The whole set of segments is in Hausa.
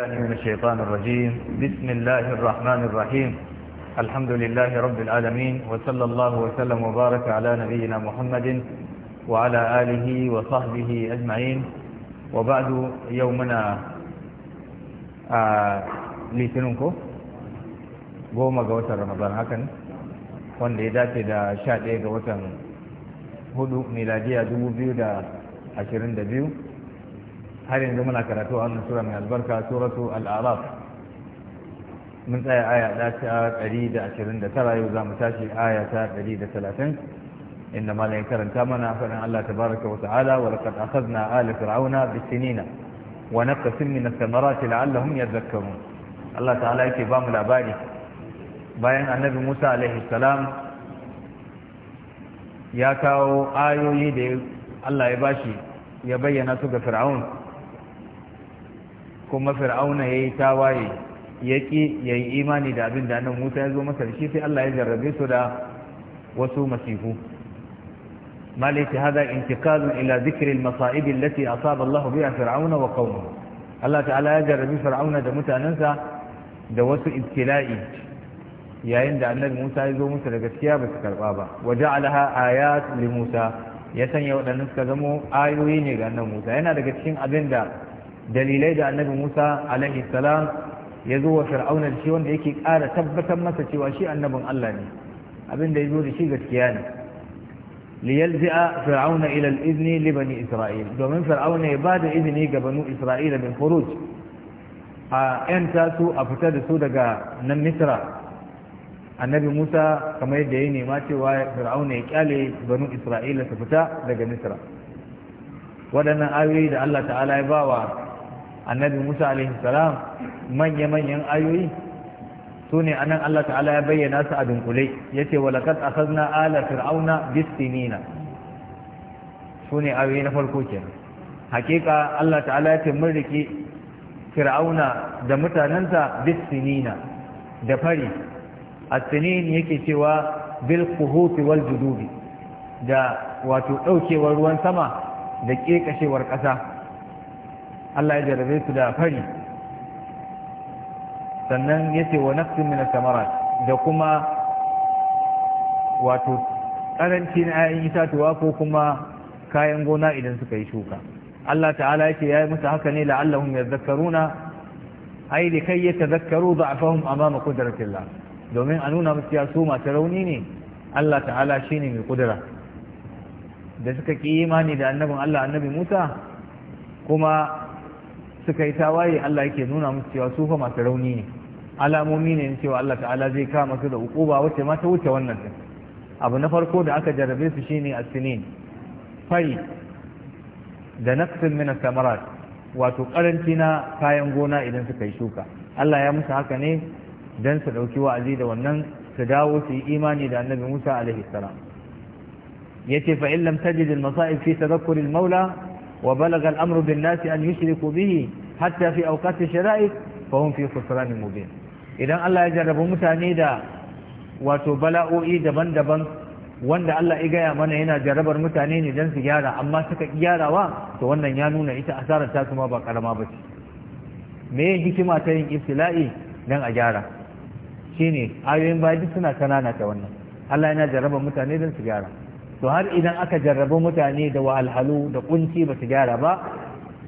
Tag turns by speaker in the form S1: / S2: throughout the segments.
S1: من الشيطان الرجيم بسم الله الرحمن الرحيم الحمد لله رب العالمين وصلى الله وسلم وبارك على نبينا محمد وعلى آله وصحبه أجمعين وبعد يومنا litininku goma ga watan ramadan hakan wanda ya dace da sha ɗaya ga watan hudu miladiya dubu biyu da ashirin da biyu har yanzu muna karatu a wannan sura mai albarka suratu al mun tsaya aya ta tara yau za mu tashi aya ta talatin inda malam karanta mana faɗin Allah tabaraka wa ta'ala wa laqad akhadna ala fir'auna sinina wa naqsin min ath-thamarati la'allahum yadhakkarun Allah ta'ala yake ba mu labari bayan annabi Musa alaihi salam ya kawo ayoyi da Allah ya bashi ya bayyana su ga fir'aun kuma fir'auna ya yi tawaye ya ƙi ya yi imani da abin da annan musa ya zo masa da shi sai allah ya jarrabe su da wasu masifu malaiti hada intiqalun ila zikri al-masa'ib allati asaba allah biha fir'auna wa qaumahu allah ta'ala ya jarrabi fir'auna da mutanansa da wasu ibtila'i yayin da annabi musa ya zo musu da gaskiya ba su karba ba waja'alaha ayat li musa ya sanya waɗannan suka zamo ayoyi ne ga annabi musa yana daga cikin abin da dalilai da annabi Musa alaihi salam ya zo wa fir'auna da shi wanda yake ƙara tabbatar masa cewa shi annabin Allah ne abin da ya zo da shi gaskiya ne liyalzi'a fir'auna ila al-izni li bani isra'il domin fir'auna ya bada izini ga banu isra'ila bin furuj a yanta su a fita da su daga nan misra annabi musa kamar yadda ya nema cewa fir'auna ya kyale banu isra'ila su fita daga misra waɗannan ayoyi da allah ta'ala ya wa. annabi musa alaihi salam manya-manyan ayoyi su ne anan allah ta'ala ya bayyana su a dunkule ya ce walakad akhazna ala fir'auna bisinina su ne ayoyi na farko ke. hakika allah ta'ala ya ce mun riki fir'auna da mutanensa bisinina da fari asinin yake cewa bil quhuti wal judubi da wato daukewar ruwan sama da kekashewar ƙasa Allah ya jarabe su da fari sannan ya ce wa nafsin min samarat da kuma wato karanci na ayan itatuwa ko kuma kayan gona idan suka yi shuka Allah ta'ala ya ce ya yi musu haka ne la'allahum yadhakkaruna ai da kai ya tazakkaru da'afahum amama qudratillah domin a nuna musu ya su masu rauni ne Allah ta'ala ne mai kudura da suka ki imani da annabin Allah annabi Musa kuma suka yi tawaye Allah yake nuna musu cewa su fa masu rauni ne alamomi ne cewa Allah ta'ala zai kama su da ukuba wacce ma ta wuce wannan din abu na farko da aka jarrabe su shine asinin. fai da naqsin min as-samarat wato karanci na kayan gona idan suka yi shuka Allah ya musu haka ne dan su dauki wa'azi da wannan su dawo su yi imani da Annabi Musa alaihi salam yace fa in lam tajid al-masa'ib fi tadhakkur al-maula وبلغ الأمر بالناس أن يشركوا به hatta fi aukati shara'i fa hum fi khusranin mubin idan Allah ya jarrabu mutane da wato bala'o'i daban-daban wanda Allah ya gaya mana yana jarrabar mutane ne dan su gyara amma suka gyarawa to wannan ya nuna ita asarar ta kuma ba karama ba ce me hikima ta yin ibtila'i dan a gyara shine ayoyin bayi suna kanana ta wannan Allah yana jarrabar mutane dan su gyara to har idan aka jarrabu mutane da wahalhalu da ƙunci ba su gyara ba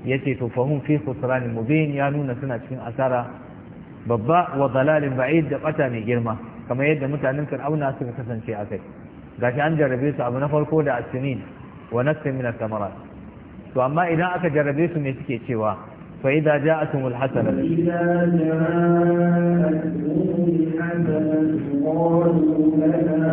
S1: yace to fahum fi khusran mubin ya nuna suna cikin asara babba wa dalalin ba'id da bata mai girma kamar yadda mutanen fir'auna suka kasance a kai gashi an jarrabe su abu na farko da asinin wa nafsin min al-thamarat to amma idan aka jarrabe su ne suke cewa fa idza ja'atuhum al-hasana
S2: idza ja'atuhum al-hasana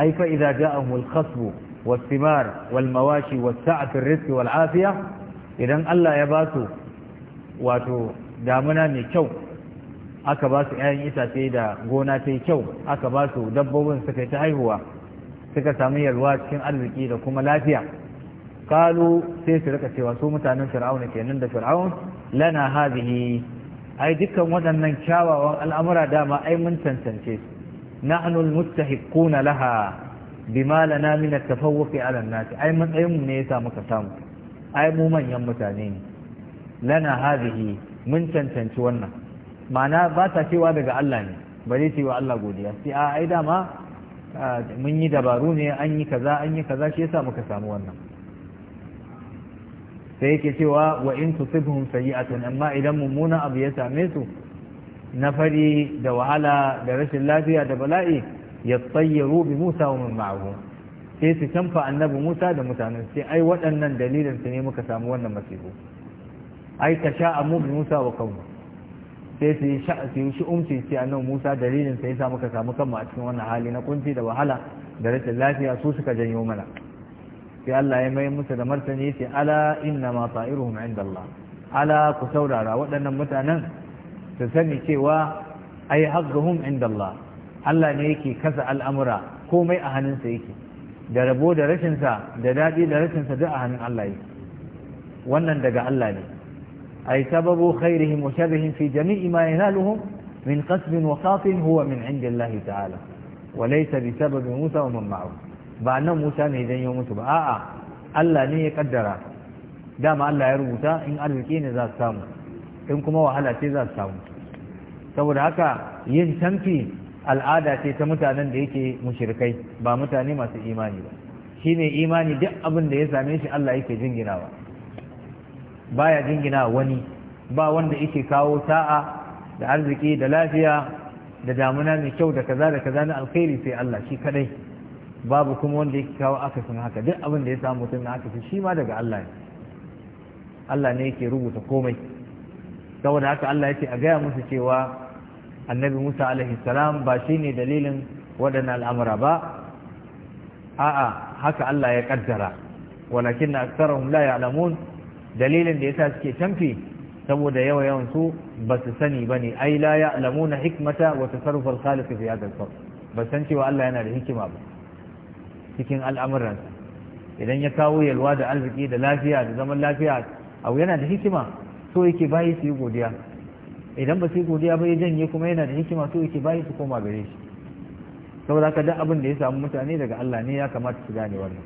S1: أي فإذا جاءهم الخصب والثمار والمواشي والسعة في Idan Allah ya الله يباسوا واتو دامنا من كو aka ba su ‘ya'yan itace da gona ta yi kyau aka ba su dabbobin suka ta haihuwa suka samu yalwa cikin arziki da kuma lafiya kalu sai su rika cewa su mutanen fir'auna kenan da fir'aun lana hazihi ai dukkan waɗannan kyawawan al'amura dama ai mun cancance nahnu almustahiquna laha bima lana min at-tafawwuq ai matsayin mu ne yasa muka samu ai mu manyan mutane ne lana hadhihi mun cancanci wannan ma'ana ba ta cewa daga Allah ne ba zai cewa Allah godiya sai a ai dama mun yi dabaru ne an yi kaza an yi kaza shi yasa muka samu wannan sai yake cewa wa in tusibhum sayi'atun amma idan mummunan abu ya same su na fari da wahala da rashin lafiya da bala'i ya tsayyaru bi musa wa mun ma'ahu sai su canfa annabi musa da mutanen sai ai waɗannan dalilin su ne muka samu wannan masifu ai ka sha amu bi musa wa kanmu sai su yi shi umci sai annabi musa dalilin sai sa muka samu kanmu a cikin wannan hali na kunci da wahala da rashin lafiya su suka janyo mana sai Allah ya mai musu da martani sai ala inna ma ta'iruhum inda Allah ala ku saurara waɗannan mutanen su sani cewa ai haqqahum inda Allah Allah ne yake kasa al'amura komai a hannunsa yake da rabo da rashinsa da daɗi da rashinsa duk a hannun Allah wannan daga Allah ne ai sababu khairihim wa sharrihim fi jami'i ma yanaluhum min qasbin wa qatin huwa min indillahi ta'ala wa laysa bi Musa wa man ba nan Musa ne janyo mutu ba a'a Allah ne ya kaddara dama Allah ya rubuta in arziki ne za su samu in kuma wahala ce za su samu saboda haka yin tamfi al'ada ce ta mutanen da yake mushrikai ba mutane masu imani ba shine imani duk abin da ya same shi Allah yake jinginawa baya jingina wani ba wanda yake kawo sa'a da arziki da lafiya da damuna mai kyau da kaza da kaza na alkhairi sai Allah shi kadai babu kuma wanda yake kawo akasin haka duk abin da ya samu mutum na akasin shi ma daga Allah ne Allah ne yake rubuta komai saboda haka Allah ya ce a gaya musu cewa annabi Musa alaihi salam ba shi ne dalilin waɗannan al'amura ba a'a haka Allah ya kaddara walakin na aksarahum la ya'lamun dalilin da sa suke canfi saboda yawa yawan su ba su sani ne. ai la ya'lamuna hikmata wa tasarruf al-khaliq fi hadha al ba san cewa Allah yana da hikima ba cikin al'amuran idan ya kawo yalwa da arziki da lafiya da zaman lafiya abu yana da hikima so yake bayi su yi godiya idan ba su yi godiya ba ya janye kuma yana da hikima so yake bayi su koma gare shi saboda haka duk abin da ya samu mutane daga Allah ne ya kamata su gane wannan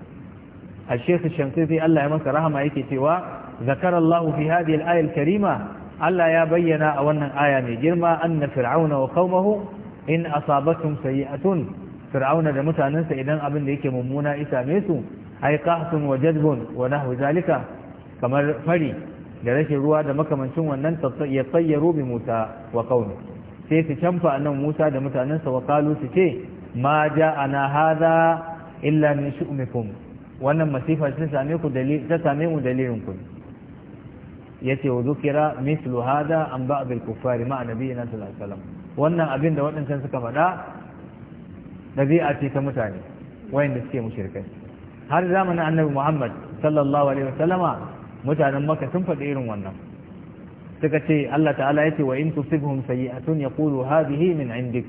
S1: a shekhu shamsisi Allah ya masa rahama yake cewa zakarallahu fi hadhihi al-aya al-karima Allah ya bayyana a wannan aya mai girma anna fir'auna wa qaumahu in asabatum sayi'atun fir'auna da mutanansa idan abin da yake mummuna isa same su ai qahsun wa jadbun wa nahwu zalika kamar fari da rashin ruwa da makamancin wannan ya tsayyaru bi Musa wa qaumi sai su canfa annan Musa da mutanensa wa qalu su ce ma ja'ana hadha illa min shu'mikum wannan masifa ta same ku dalil ta same mu dalilin ku yace wa zukira mislu hadha an ba'd al-kuffari ma nabiyina sallallahu alaihi wasallam wannan abin da waɗancan suka faɗa dabi'a ce ta mutane wayanda suke mushrikai har zamanin annabi Muhammad sallallahu alaihi wasallama mutanen maka sun faɗi irin wannan suka ce Allah ta'ala ya ce wa in tusibhum sayi'atun yaqulu hadhihi min indik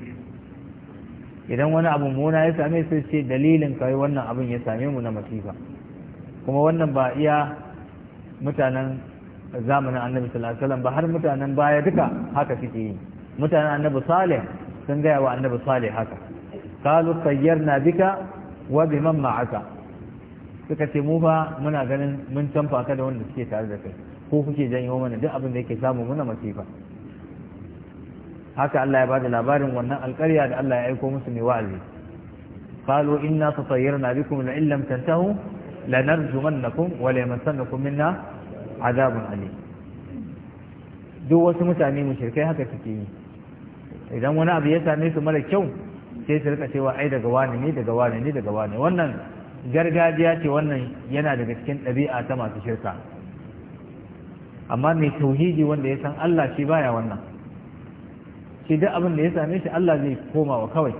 S1: idan wani abu muna ya same su ce dalilin kai wannan abin ya same mu na masifa kuma wannan ba iya mutanen zamanin annabi sallallahu alaihi wasallam ba har mutanen baya duka haka suke yi mutanen annabi salih sun gaya wa annabi salih haka qalu sayyarna bika wa biman ma'aka suka ce mu fa muna ganin mun canfa ka da wanda suke tare da kai ko kuke janyo mana duk abin da yake samu muna masifa haka Allah ya ba da labarin wannan alƙarya da Allah ya aiko musu mai wa'azi qalu inna tatayyarna bikum la illam tantahu lanarjumannakum wa la yamassannakum minna azabun alim duk wasu mutane mu shirkai haka suke yi idan wani abu ya same su mara kyau sai su rika cewa ai daga wani ne daga wani ne daga wani wannan gargajiya ce wannan yana daga cikin ɗabi'a ta masu shirka amma mai tauhidi wanda ya san Allah shi baya wannan shi duk abin da ya same shi Allah zai koma wa kawai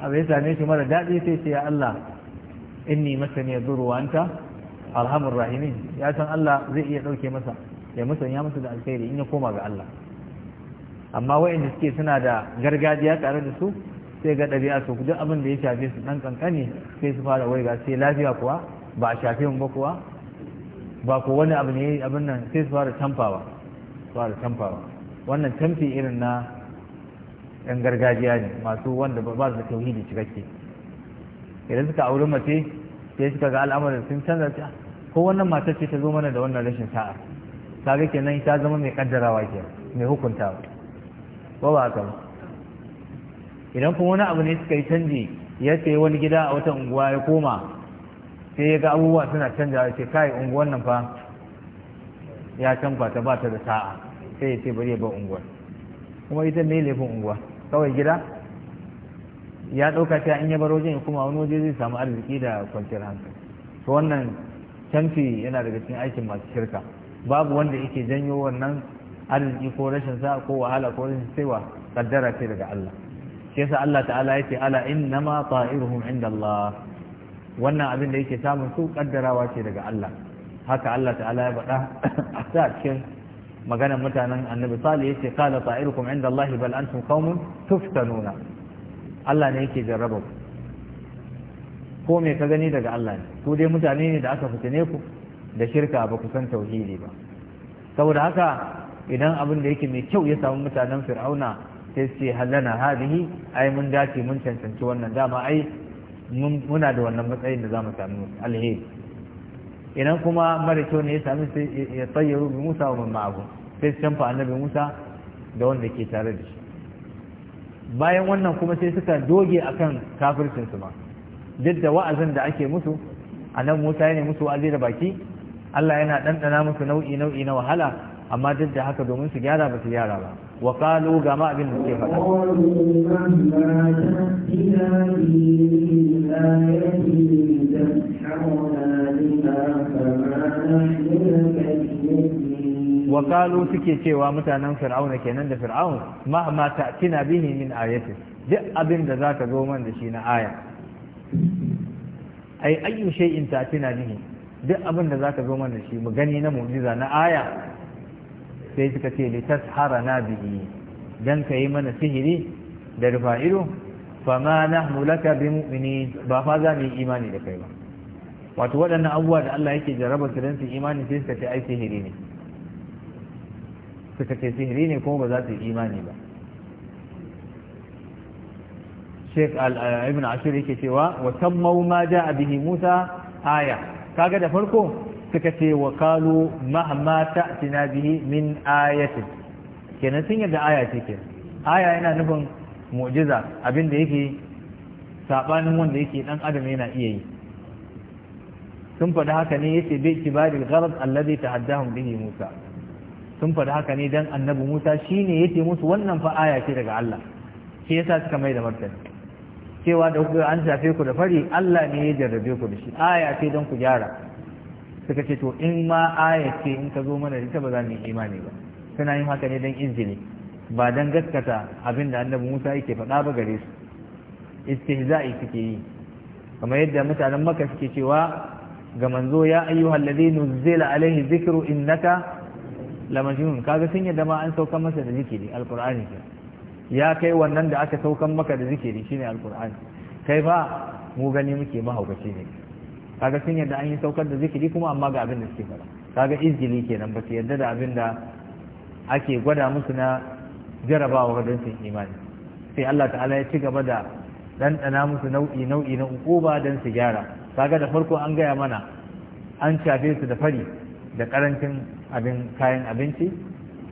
S1: Abin ya same shi mara daɗi sai ce ya Allah inni ni masa zuru wa anta rahimin ya san Allah zai iya ɗauke masa ya ya masa da alkhairi in ya koma ga Allah amma da suke suna da gargajiya tare da su sai ga ɗabi'a su duk abin da ya shafe su ɗan kankani sai su fara waiga sai lafiya kuwa ba a shafe mu ba kuwa ba ko wani abu ne abin nan sai su fara tamfawa fara tamfawa wannan tamfi irin na ɗan gargajiya ne masu wanda ba su da tauhidi cikakke idan suka auri mace sai suka ga al'amarin sun canza ta ko wannan matar ce ta zo mana da wannan rashin sa'a kaga kenan ta zama mai kaddarawa ke mai hukuntawa ba ba haka ba idan kuma wani abu ne suka yi canji ya sayi wani gida a wata unguwa ya koma sai ya ga abubuwa suna canja ya ce kai unguwan nan fa ya can ta ba ta da sa'a sai ya ce bari ya ba unguwar kuma ita ne laifin unguwa kawai gida ya ɗauka ta in ya bar wajen ya kuma wani waje zai samu arziki da kwanciyar hankali to wannan canfi yana daga cikin aikin masu shirka babu wanda yake janyo wannan arziki ko rashin sa ko wahala ko rashin saiwa kaddara ce daga Allah Kesa Allah ta'ala ya ce ala innama ta'iruhum inda Allah wannan abin da yake samun su kaddarawa ce daga Allah haka Allah ta'ala ya faɗa a ta cikin maganar mutanen annabi salih yace qala ta'irukum inda Allah bal antum qaumun tuftanuna Allah ne yake jarraba ku ko me ka gani daga Allah ne ku dai mutane ne da aka fitine ku da shirka ba ku san tauhidi ba saboda haka idan abin da yake mai kyau ya samu mutanen fir'auna sai ce halana hadihi ai mun dace mun cancanci wannan dama ai muna da wannan matsayin da zamu samu alheri idan kuma mara kyau ne ya sami sai ya tsayyaru bi Musa wa mamma abu sai su canfa annabi Musa da wanda ke tare da shi bayan wannan kuma sai suka doge a kan su ma duk da wa'azin da ake musu annabi Musa yana musu wa'azi da baki Allah yana ɗanɗana musu nau'i nau'i na wahala amma duk da haka domin su gyara ba su gyara ba وقالوا جماعة بن مسيحة
S2: وقالوا suke
S1: cewa mutanen fir'auna kenan da fir'aun ma ma ta'tina bihi min ayati duk abin da zaka zo man da shi na aya ai ayyu shay'in ta'tina bihi duk abin da zaka zo man da shi mu gani na mu'jiza na aya sai suka ce na bihi dan yi mana sihiri da rufa ido na mulaka laka mu'mini ba fa za mu yi imani da kai ba wato waɗannan abubuwa da Allah yake jaraba su don su imani sai suka ce ai sihiri ne suka ce sihiri ne kuma ba za su yi imani ba Sheikh eh, Ibn Ashir yake cewa wa tammau ma ja'a bihi Musa aya kaga da farko suka ce wa kalu mahma ta'tina bihi min ayatin kenan sun yadda aya ce ke aya yana nufin mu'jiza abin da yake sabanin wanda yake dan adam yana iya yi sun faɗi haka ne yace bi kibaril gharad alladhi tahaddahum bihi Musa sun faɗi haka ne dan annabi Musa shine yace musu wannan fa aya ce daga Allah shi yasa suka mai da martani cewa da ku an shafe ku da fari Allah ne ya jarrabe ku da shi aya ce don ku gyara suka ce to in ma aya ce in ka zo mana ita ba za mu yi imani ba suna yin haka ne don injini ba don gaskata abin da annabi Musa yake faɗa ba gare su istihza'i suke yi kamar yadda mutanen maka suke cewa ga manzo ya ayyuhal ladhi nuzila alaihi dhikru innaka la kaga sun yadda ma an saukan masa da zikiri alqur'ani ya kai wannan da aka saukan maka da zikiri shine alqur'ani kai ba mu gani muke mahaukaci ne kaga sun yadda an yi saukar da zikiri kuma amma ga abin da suke fara kaga izgili kenan ba su yadda da abin da ake gwada musu na jarabawa don sun imani sai Allah ta'ala ya ci gaba da ɗanɗana musu nau'i nau'i na ukuba don su gyara kaga da farko an gaya mana an shafe su da fari da karancin abin kayan abinci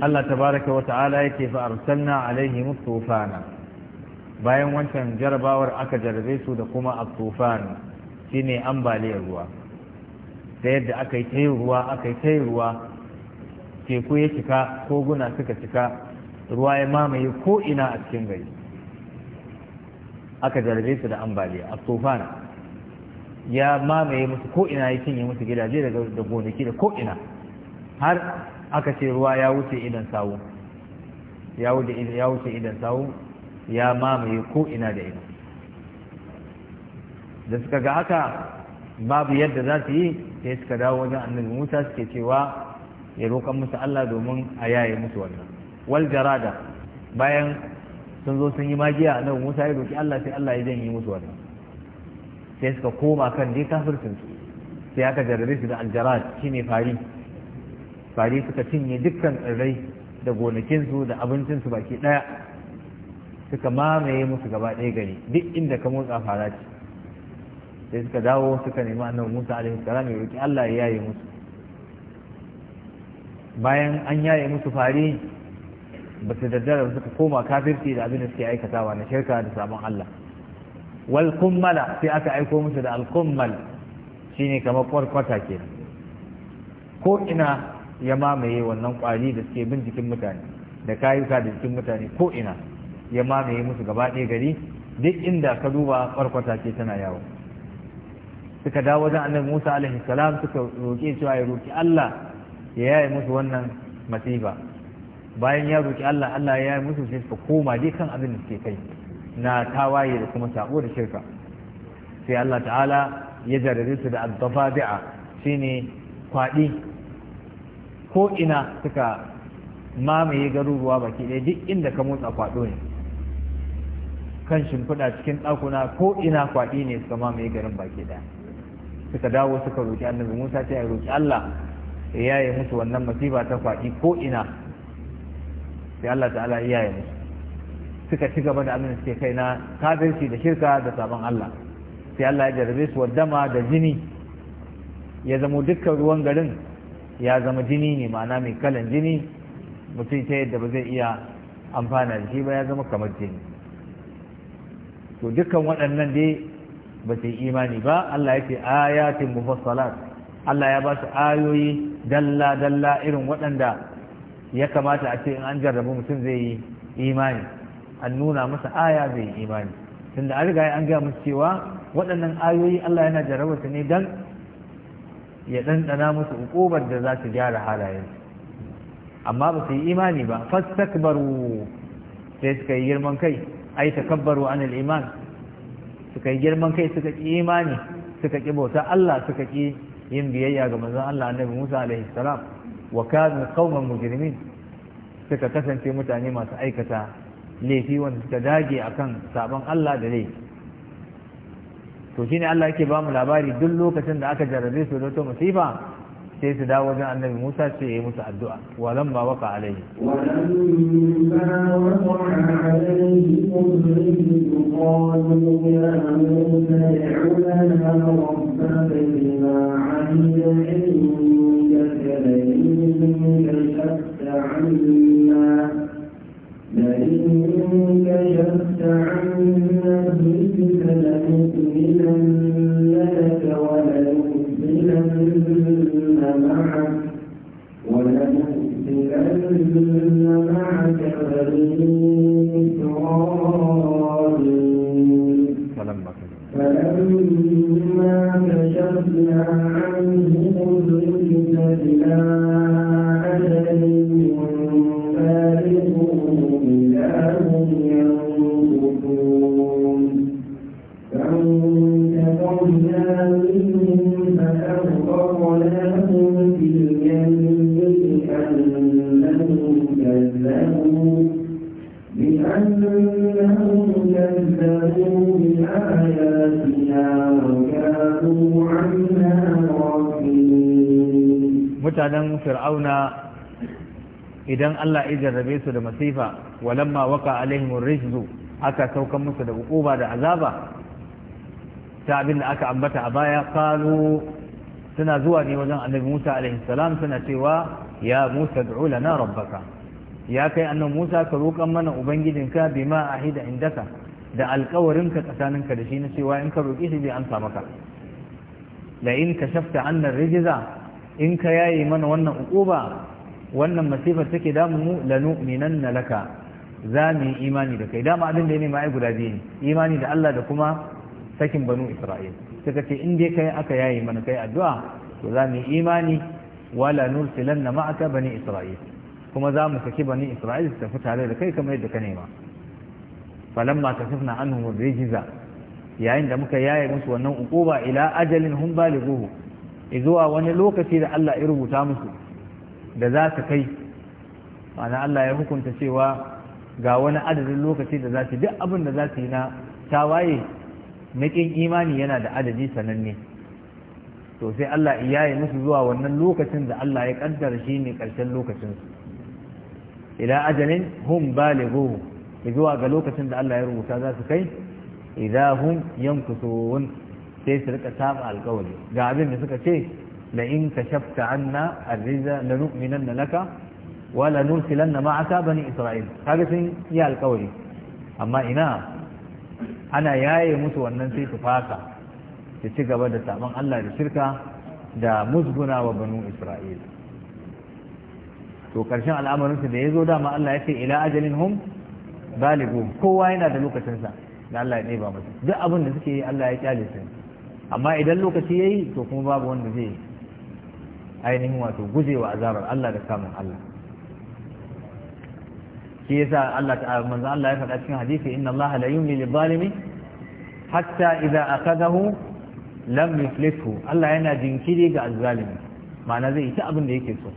S1: Allah tabaraka wa ta'ala yake fa arsalna alaihi mutufana bayan wancan jarabawar aka jarabe su da kuma at-tufan shine ambaliyar ruwa da yadda aka yi ta ruwa aka yi ta ruwa teku ya cika koguna suka cika ruwa ya mamaye ko ina a cikin gari aka jarabe su da ambaliya at-tufan ya mamaye musu ko ina ya cinye musu gidaje da gonaki da ko ina har aka ce ruwa ya wuce idan sawu ya wuce idan sawu ya mamaye ko ina da ina da suka ga haka babu yadda za su yi sai suka dawo wajen annabi Musa suke cewa ya roƙon musu Allah domin a yaye musu wannan wal jarada bayan sun zo sun yi magiya annabi Musa ya roƙi Allah sai Allah ya janye musu wannan sai suka koma kan dai kafircin su sai aka jarrabe su da aljarad shine fari fari suka cinye dukkan tsirrai da gonakinsu da abincinsu baki ɗaya suka mamaye musu gaba ɗaya gari duk inda ka motsa fara ce sai suka dawo suka nemi annabi Musa alaihi salam ya roki Allah ya yaye musu bayan an yaye musu fari ba su daddara suka koma kafirci da abin da suke aikatawa na shirka da sabon Allah wal kummala sai aka aiko musu da al shine kamar kwarkwata kenan ko ina ya mamaye wannan kwari da suke bin jikin mutane da kayuka da jikin mutane ko ina ya mamaye musu gaba ɗaya gari duk inda ka duba kwarkwata ce tana yawo suka dawo wajen annabi Musa alaihi salam suka roƙe cewa ya roƙi Allah ya yaye musu wannan masifa bayan ya roƙi Allah Allah ya yaye musu sai suka koma dai kan abin da suke kai na tawaye da kuma sabo da shirka sai Allah ta'ala ya jarrabe su da addafabi'a shine kwaɗi ko ina suka mamaye garuruwa baki ɗaya duk inda ka motsa kwaɗo ne kan shimfiɗa cikin ɗakuna ko ina kwaɗi ne suka mamaye garin baki ɗaya suka dawo suka roƙi annabi musa ce a roƙi allah ya yaye musu wannan masifa ta kwaɗi ko ina sai allah ta'ala ya yaye musu suka ci gaba da annabi suke kai na kafirci da shirka da sabon allah sai allah ya jarabe su wadama da jini ya zamo dukkan ruwan garin ya zama jini ne ma'ana mai kalan jini mutum ta yadda ba zai iya amfana da shi ba ya zama kamar jini to dukkan waɗannan dai ba su imani ba Allah ya ce ayatin mufassalat Allah ya ba su ayoyi dalla dalla irin waɗanda ya kamata a ce in an jarrabu mutum zai yi imani an nuna masa aya zai yi imani tunda an riga an gaya musu cewa waɗannan ayoyi Allah yana jarrabar su ne dan ya ɗanɗana musu uƙubar da za su gyara halaye amma ba su yi imani ba fastakbaru sai suka yi girman kai ai takabbaru an iman suka yi girman kai suka ƙi imani suka ƙi bauta Allah suka ƙi yin biyayya ga manzon Allah annabi Musa alaihi salam wa kanu qauman mujrimin suka kasance mutane masu aikata laifi wanda suka dage akan sabon Allah da laifi to shine Allah yake ba mu labari duk lokacin da aka jarabe su da to musifa sai su dawo ga annabi Musa ce ya musu addu'a walan ba waka alaihi
S2: عنا كشفت عنا الرجس لنؤمنن لك ولنرسلن معك ولنرسلن معك بني إسرائيل فلما كشفنا
S1: idan Allah ya jarrabe su da masifa walamma waka alaihim rijzu aka saukan musu da hukuma da azaba ta abin da aka ambata a baya qalu suna zuwa ne wajen annabi Musa alaihi salam suna cewa ya Musa ad'u lana rabbaka ya kai annabi Musa ka roƙan mana ubangijinka bima ahida indaka da alƙawarinka tsakaninka da shi na cewa in ka roƙi shi zai amsa maka la in kashafta annar rijza in ka yaye mana wannan uquba wannan masifar take damu mu lanu'minanna laka za mu yi imani da kai dama abin da ya nema ai guda biyu ne imani da Allah da kuma sakin banu Isra'il suka ce in dai kai aka yayi mana kai addu'a to za mu yi imani wala na ma'aka bani Isra'il kuma za mu saki bani Isra'il su tafi tare da kai kamar yadda ka nema falamma kasafna anhum rijza yayin da muka yaye musu wannan ukuba ila ajalin hum balighuhu izuwa wani lokaci da Allah ya rubuta musu da za ta kai ma'ana Allah ya hukunta cewa ga wani adadin lokaci da za su duk abin da za su yi na tawaye na ƙin imani yana da adadi sananne to sai Allah ya yi musu zuwa wannan lokacin da Allah ya kaddara shi ne ƙarshen lokacin su ila ajalin hum balighu zuwa ga lokacin da Allah ya rubuta za su kai idahum yankusun sai su rika saba alƙawari ga abin da suka ce لئن كشفت عنا الرجا لنؤمنن لك ولنرسلن معك بني إسرائيل هذا سن يا القولي أما إنا أنا ياي مسوى النسي تفاكا تشيك بدا da الله لشركة دا wa وبنو إسرائيل to karshen al'amarinsu da ya zo dama Allah ya ce ila ajalin hum baligu kowa yana da lokacinsa da Allah ya ɗeba masa duk abin da suke yi Allah ya kyale su amma idan lokaci yayi to kuma babu wanda zai ainihin wato gujewa azabar Allah da samun Allah shi yasa Allah ta'ala manzo Allah ya faɗa cikin hadisi inna Allah la yumli lil zalimi hatta idza akhadahu lam yuflithu Allah yana jinkiri ga azzalimi ma'ana zai ta abin da yake so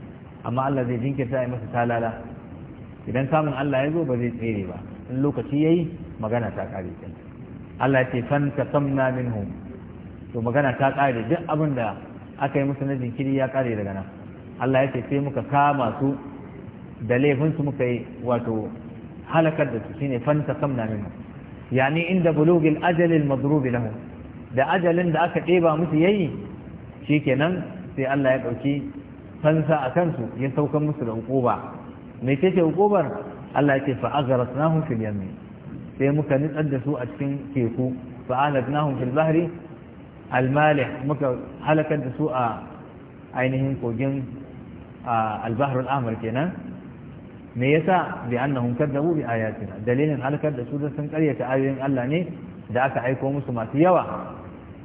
S1: amma Allah zai jinkirta ya masa talala idan samun Allah ya zo ba zai tsere ba in lokaci yayi magana ta kare Allah ya ce fan min minhum to magana ta kare duk abin da aka yi musu na jinkiri ya kare daga nan Allah ya ce sai muka kama su da laifinsu muka yi wato halakar da su shine fanta na min yani inda bulugil ajalil madrubi lahu da ajalin da aka ɗeba musu yayi shikenan sai Allah ya ɗauki fansa a kansu ya saukan musu da hukuba me ce hukubar Allah ya ce fa azratnahum fil yammi sai muka nitsar da su a cikin teku fa ahlaknahum fil bahri almalih muka halakar da su a ainihin kogin albaharul amur kenan me yasa bi annahum kadzabu bi ayatina dalilin halakar da su da sun karyata ayoyin Allah ne da aka aiko musu masu yawa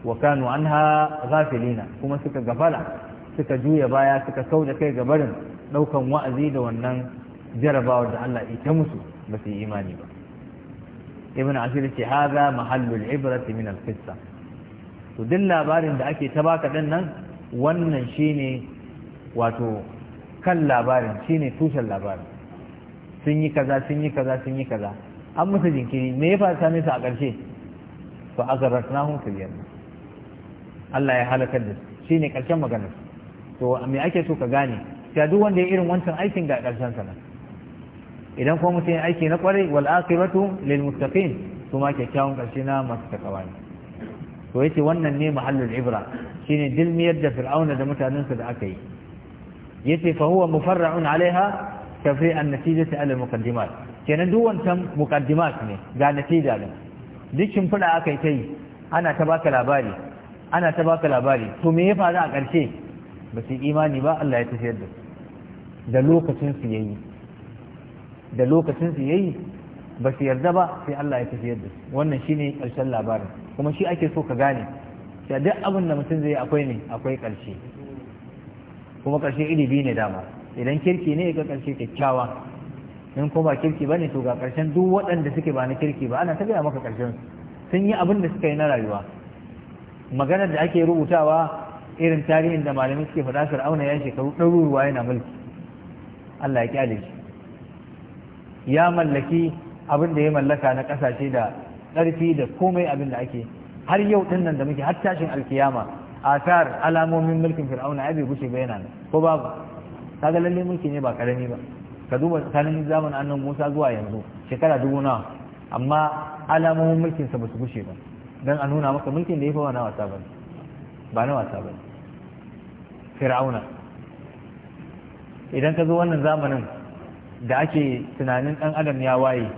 S1: wa kanu anha ghafilina kuma suka gafala suka juya baya suka kauda kai ga barin daukan wa'azi da wannan jarabawar da Allah ita musu ba su yi imani ba ibn asir ce haza mahallul ibrati min al-qissa to duk labarin da ake ta baka din nan wannan shine wato kan labarin shine tushen labarin sun yi kaza sun yi kaza sun yi kaza an musu jinkiri me ya faru same su a ƙarshe fa azarnahum fil yam Allah ya halakar da shine ƙarshen maganar to me ake so ka gane ya duk wanda ya irin wancan aikin ga ƙarshen sa idan kuma mutum aiki na kwarai wal aqibatu lil muttaqin kuma kyakkyawan ƙarshe na masu takawa ne to yace wannan ne mahallul ibra shine dilmiyar da fir'auna da mutanen sa da aka yi yace fa huwa mufarra'un alaiha tafri'an natijati ala muqaddimat kenan duk wancan muqaddimat ne ga natija ne duk fada aka yi ta ana ta baka labari ana ta baka labari to me ya faru a ƙarshe ba su imani ba Allah ya tafiyar da da lokacin su yayi da lokacin su yayi ba su yarda ba sai Allah ya tafiyar da su wannan shine ƙarshen labarin kuma shi ake so ka gane sai duk abin da mutum zai akwai ne akwai ƙarshe kuma ƙarshe iri biyu ne dama idan kirki ne ga ƙarshe kyakkyawa in kuma kirki ba ne to ga ƙarshen duk waɗanda suke ba na kirki ba ana ta gaya maka ƙarshen sun yi abin da suka yi na rayuwa maganar da ake rubutawa irin tarihin da malamai suke faɗa auna ya shekaru ɗaruruwa yana mulki Allah ya kyale shi ya mallaki abin da ya mallaka na ƙasashe da ƙarfi da komai abin da ake har yau ɗin nan da muke har tashin alkiyama asar alamomin mulkin fir'auna ya bai gushe ba yana ko babu kaga lalle mulki ne ba karami ba ka duba tsakanin zaman annan Musa zuwa yanzu shekara dubu nawa amma alamomin mulkin sa su gushe ba dan a nuna maka mulkin da ya fawa na wasa ba ba na wasa ba fir'auna idan ka zo wannan zamanin da ake tunanin dan adam ya waye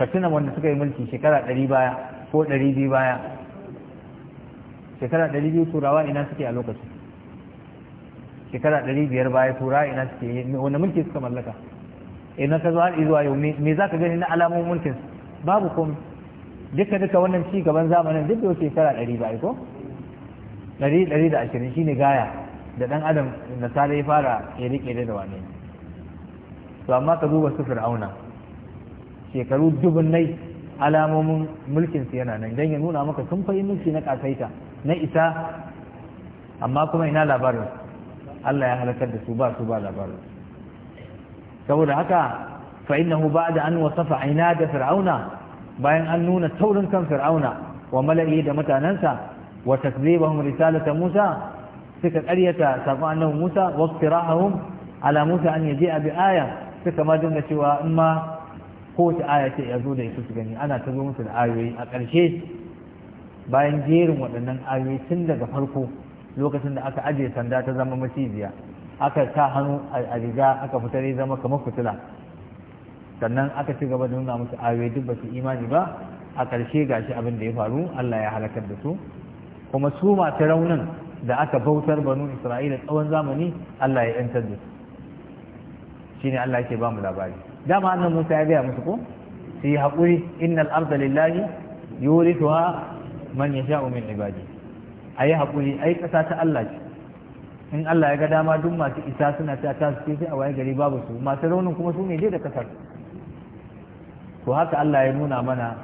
S1: ka tuna wanda suka yi mulki shekara ɗari baya ko ɗari biyu baya shekara ɗari biyu turawa ina suke a lokacin shekara ɗari biyar baya turawa ina suke wanda mulki suka mallaka idan ka zo har zuwa yau me za ka gani na alamomin mulkin babu komai duka duka wannan ci gaban zamanin duk da wace shekara ɗari ba ko ɗari ɗari da ashirin shine gaya da ɗan adam nasara ya fara ya riƙe da wane to amma ka duba su fir'auna shekaru dubunnai alamomin mulkin su yana nan don ya nuna maka sun fahimci mulki na kasaita na isa amma kuma ina labarin Allah ya halakar da su ba su ba labarin saboda haka fa innahu ba'da an wasafa da fir'auna bayan an nuna taurin kan fir'auna wa mala'i da mutanansa wa takzibahum risalata Musa suka ƙaryata sabon annabi Musa wa iftirahum ala Musa an yaji bi aya suka ma dinga cewa in ma kowace aya ce ya zo da ya su gani ana ta zo musu da ayoyi a ƙarshe bayan jerin waɗannan ayoyi tun daga farko lokacin da aka ajiye sanda ta zama maciziya aka sa hannu a riga aka fitar ya zama kamar fitila sannan aka ci gaba da nuna musu ayoyi duk ba su imani ba a ƙarshe gashi abin da ya faru Allah ya halakar da su kuma su masu raunin da aka bautar banu Isra'ila tsawon zamani Allah ya 'yantar da su shine Allah yake ba mu labari dama annan Musa ya gaya musu ko su yi haƙuri innal arda lillahi yurithuha man yasha'u min ibadi ayi haƙuri ai ƙasa ta Allah ce in Allah ya ga dama duk masu isa suna ta ta su sai a waye gari babu su masu raunin kuma su ne je da kasar to haka Allah ya nuna mana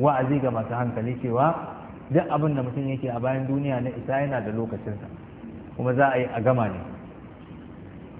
S1: wa'azi ga masu hankali cewa duk abin da mutum yake a bayan duniya na isa yana da lokacinsa kuma za a yi a gama ne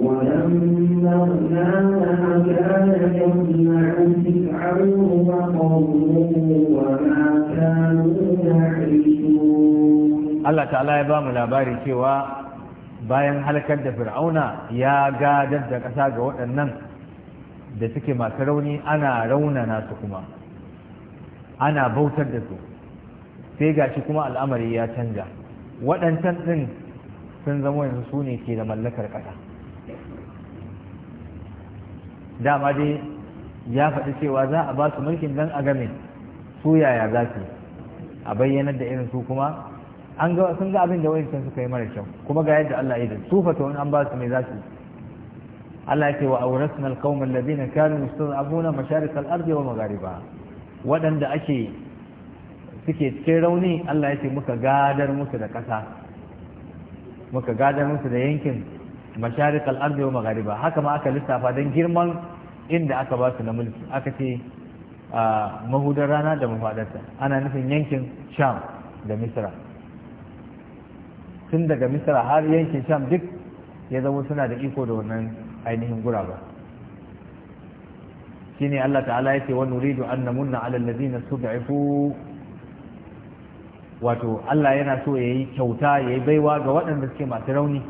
S2: allah ta'ala يجمع فرعون وقومه وما
S1: ya bamu labari cewa bayan halakar da fir'auna ya gadar da ƙasa ga waɗannan da suke masu rauni ana raunana su kuma ana bautar da su sai gashi kuma al'amari ya canja waɗancan ɗin sun zama yanzu su ne ke da mallakar ƙasa dama dai ya faɗi cewa za a ba su mulkin dan a game su yaya za su a bayyanar da irin su kuma an ga sun ga abin da wayancan suka yi mara kyau kuma ga yadda Allah ya yi su fata wani an ba su mai za su Allah ya ce wa awrasna alqawma alladhina kanu yastad'abuna masharik al-ardi wa magharibaha waɗanda ake suke cikin rauni Allah ya ce muka gadar musu da ƙasa muka gadar musu da yankin masharik al'arzi wa magariba haka ma aka lissafa don girman inda aka ba su na mulki aka ce mahudar rana da mafadarta ana nufin yankin sham da misra tun daga misra har yankin sham duk ya zama suna da iko da wannan ainihin guraba shine Allah ta'ala yake wa nuridu an namunna ala alladhina sud'ifu wato Allah yana so yayi kyauta yayi baiwa ga waɗanda suke masu rauni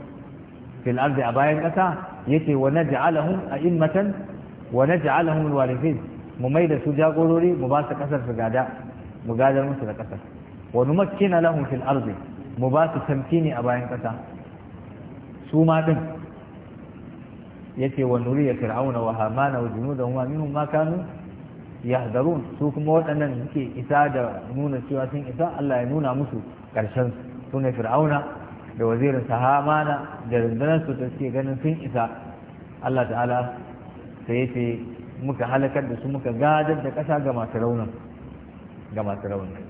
S1: fil ardi a bayan kasa yace wa naj'alahum a'immatan wa naj'alahum alwarithin mu mai da su jagorori mu ba su kasar su gada mu gadar musu da kasar wa numakkina lahum fil ardi mu ba su tamkini a bayan kasa su ma din yace wa ya fir'auna wa hamana wa junudahum minhum ma kanu yahdarun su kuma waɗannan suke isa da nuna cewa sun isa Allah ya nuna musu ƙarshen su ne fir'auna da wazirin sahamana da rundunar su da suke ganin sun isa Allah ta'ala sai ya ce muka halakar da su muka gadar da ƙasa ga masu raunin ga masu raunin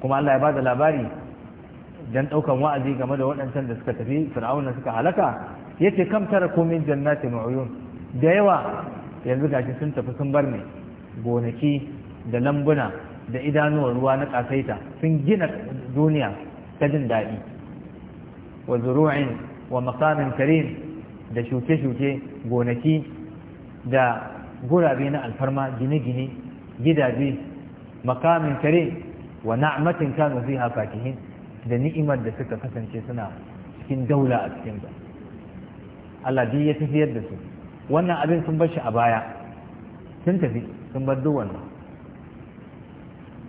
S1: kuma Allah ya ba da labari dan ɗaukan wa'azi game da waɗancan da suka tafi fir'auna suka halaka yace kam tara komin jannati ma'uyun da yawa yanzu gashi sun tafi sun bar ne gonaki da lambuna da idanuwar ruwa na kasaita sun gina duniya ta jin daɗi wa wa makamin kare da shuke-shuke gonaki da gurabe na alfarma gine-gine gidaje maqamin kare wa na'matin kanu fiha da ni'imar da suka kasance suna cikin daula a cikin ta Allah ya tafiyar da su wannan abin sun bar shi a baya sun tafi sun bar duk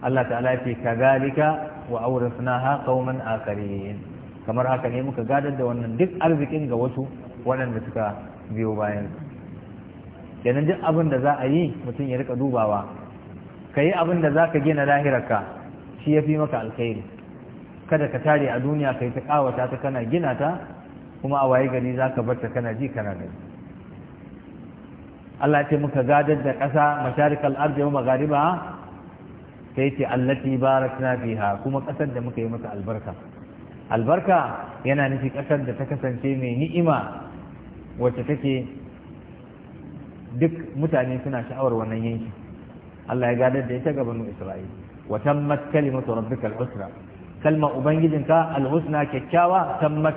S1: Allah ta'ala ya ce kazalika wa awrasnaha qauman akharin kamar haka ne muka gadar da wannan duk arzikin ga wasu waɗanda suka biyo bayan kenan duk abin da za a yi mutum ya rika dubawa ka yi abin da za ka gina lahirarka shi ya fi maka alkhairi kada ka tare a duniya ka yi ta kawata ta kana gina ta kuma a waye gari za ka barta kana ji kana gani Allah ce muka gadar da ƙasa masharikal ardi wa ta yi ce allati barakna fiha kuma ƙasar da muka yi mata albarka albarka yana nufi ƙasar da ta kasance mai ni'ima wacce take duk mutane suna sha'awar wannan yanki Allah ya gadar da ita gabanin Isra'ila wa tammat kalimatu rabbika al-husna kalma ubangijinka al-husna kyakkyawa tammat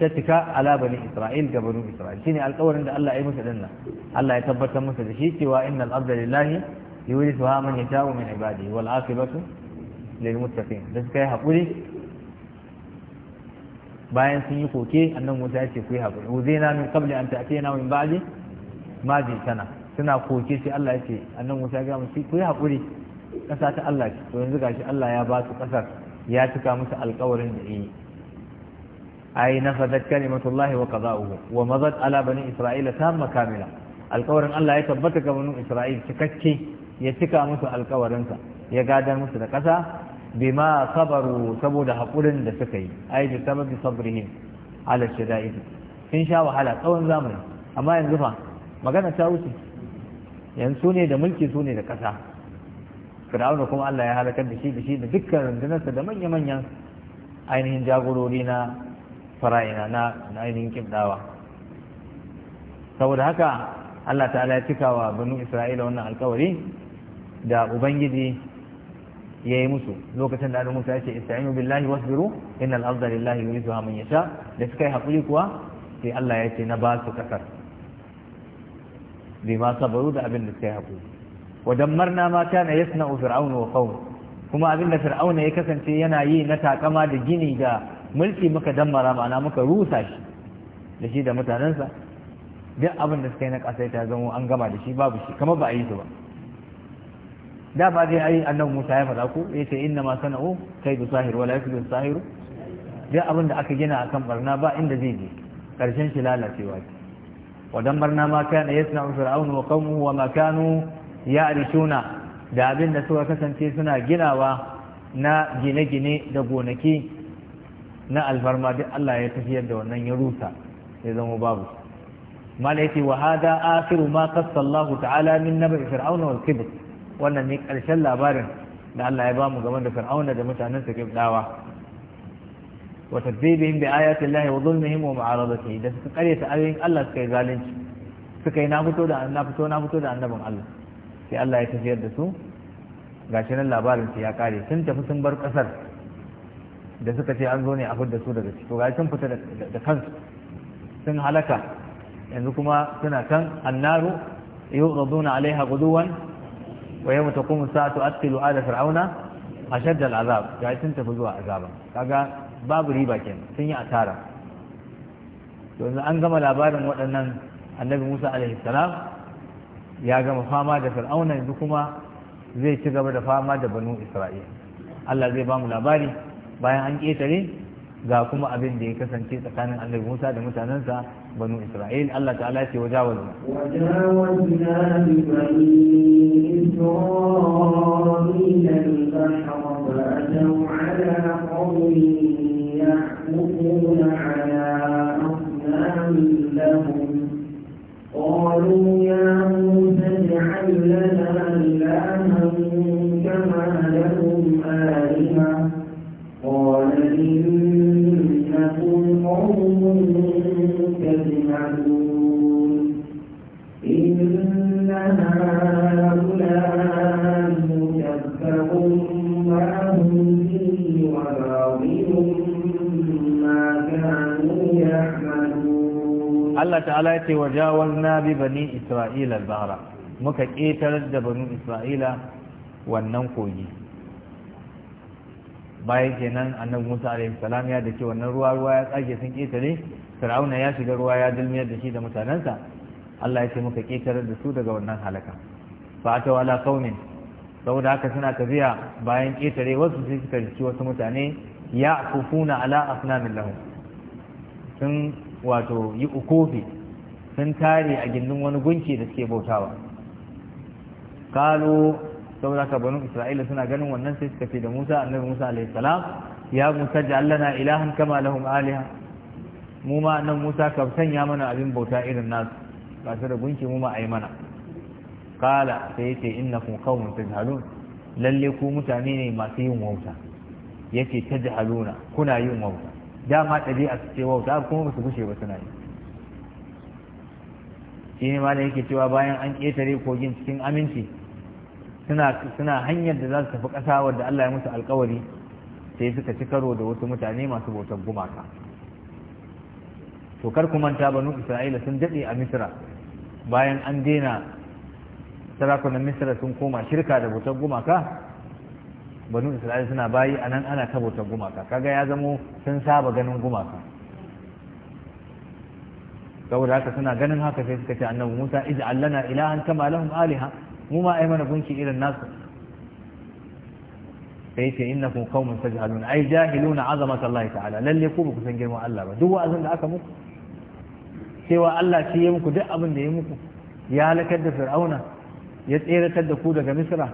S1: ta cika ala bani Isra'il gabanin Isra'il shine alƙawarin da Allah ya yi musu dinnan Allah ya tabbatar musu da shi cewa innal arda lillahi yurithuha man yasha'u min ibadihi wal aqibatu lil muttaqin da suka yi haƙuri bayan sun yi koke annan musa ya ce ku yi haƙuri na min qabli an ta'tina min ba'di ma ji sana suna koke sai Allah ya ce annan musa ya ga musu ku yi haƙuri ƙasa ta Allah ce to yanzu gashi Allah ya ba su ƙasar ya cika musu alƙawarin da yi ai nafadat kalimatullahi wa qada'uhu wa madat ala bani isra'ila tamma kamila alƙawarin Allah ya tabbata ga bani isra'il cikakke ya cika musu alƙawarinsa ya gadar musu da ƙasa bima sabaru saboda haƙurin da suka yi ai bi sababi sabrihim ala shada'id sun sha wahala tsawon zamani amma yanzu fa magana ta wuce yanzu ne da mulki su ne da ƙasa fir'auna kuma Allah ya halakar da shi da shi da dukkan rundunarsa da manya-manyan ainihin jagorori na fara'ina na ainihin kibdawa saboda haka Allah ta'ala ya cika wa banu Isra'ila wannan alkawari da Ubangiji ya yi musu lokacin da Adamu Musa ya ce ista'inu billahi wasbiru innal arda lillahi yuriduha man yasha da suka yi hakuri kuwa sai Allah ya ce na ba su kasar bima sabaru da abin da suka yi hakuri wa dammarna ma kana yasna'u fir'aunu wa qawm kuma abin da fir'auna ya kasance yana yi na takama da gini da mulki muka dammara ma'ana muka rusa shi da shi da mutanensa duk abin da suka yi na kasaita ya zama an gama da shi babu shi kamar ba a yi su ba da ba zai ai annabi Musa ya faɗa ko yace inna ma sana'u kaidu sahir wala yakdu sahiru duk abin da aka gina akan barna ba inda zai je karshen shi lalacewa ce ودمرنا ما fir'aun يصنع فرعون وقومه وما كانوا يعرشون da abin da suka kasance suna ginawa na gine-gine da gonaki na alfarma duk Allah ya tafiyar da wannan ya rusa ya zama babu mala yace wa hada ma qassa ta'ala min nabi fir'auna wannan ne ƙarshen labarin da Allah ya bamu game da fir'auna da mutanen sa kibdawa wa tadbibihim bi ayati Allah wa zulmihim wa mu'aradatihi da suka kare ta ayoyin Allah suka yi zalunci suka yi na fito da na fito na fito da annabin Allah sai Allah ya tafiyar da su gashi nan labarin su ya kare sun tafi sun bar kasar da suka ce an zo ne a fidda su daga ciki to gashi sun fita da kansu sun halaka yanzu kuma suna kan annaru yuraduna alaiha guduwan wa yawma taqumu sa'atu adkhilu ala fir'auna ashadda azab ga sun tafi zuwa azaba kaga babu riba kenan sun yi asara to yanzu an gama labarin waɗannan annabi Musa alaihi salam ya gama fama da fir'auna yanzu kuma zai ci gaba da fama da banu isra'ila Allah zai ba mu labari bayan an ƙetare ga kuma abin da ya kasance tsakanin annabi Musa da mutanansa banu Isra'il Allah ta'ala ya ce wajawazna
S2: wajawazna bi bani
S1: Allah ta'ala ya ce na bi bani isra'ila al-bahra muka ƙetar da bani isra'ila wannan kogi bayan kenan annabi Musa alaihi salam ya dace wannan ruwa ruwa ya tsage sun ƙetare Fir'auna ya shiga ruwa ya dulmiyar da shi da mutanensa Allah ya ce muka ƙetar da su daga wannan halaka fa ta wala qaumin saboda haka suna tafiya bayan ƙetare wasu sai suka rici wasu mutane ya kufuna ala asnamin lahum sun wato yi ukofi sun tare a gindin wani gunki da suke bautawa kalo saboda ka banu isra'ila suna ganin wannan sai suka ce da musa annabi musa alaihi salam ya musa ja'alna ilahan kama lahum aliha mu ma nan musa ka sanya mana abin bauta irin nasu ba su da gunki mu ma ayi mana kala sai yace innakum qaumun tajhalun lalle ku mutane ne masu yin wauta yace tajhaluna kuna yin wauta dama ɗabi'a su ce wauta kuma basu su gushe ba suna yi shi ne ma yake cewa bayan an ƙetare kogin cikin aminci suna hanyar da za su tafi ƙasa wadda Allah ya musu alkawari sai suka ci karo da wasu mutane masu bautar gumaka to kar ku manta banu isra'ila sun daɗe a misra bayan an daina sarakunan misra sun koma shirka da bautar gumaka banu isra'ila suna bayi a nan ana tabautar gumaka kaga ya zamo sun saba ganin gumaka saboda haka suna ganin haka sai suka ce annabi musa ij'al lana ilahan kama lahum aliha mu ma ai mana gunki irin nasu sai ce innakum qaumun tajhalun ai jahiluna azamat Allah ta'ala lalle ku ba ku san girman Allah ba duk wa'azin da aka muku cewa Allah shi ya muku duk abin da ya muku ya halakar da fir'auna ya tseratar da ku daga misra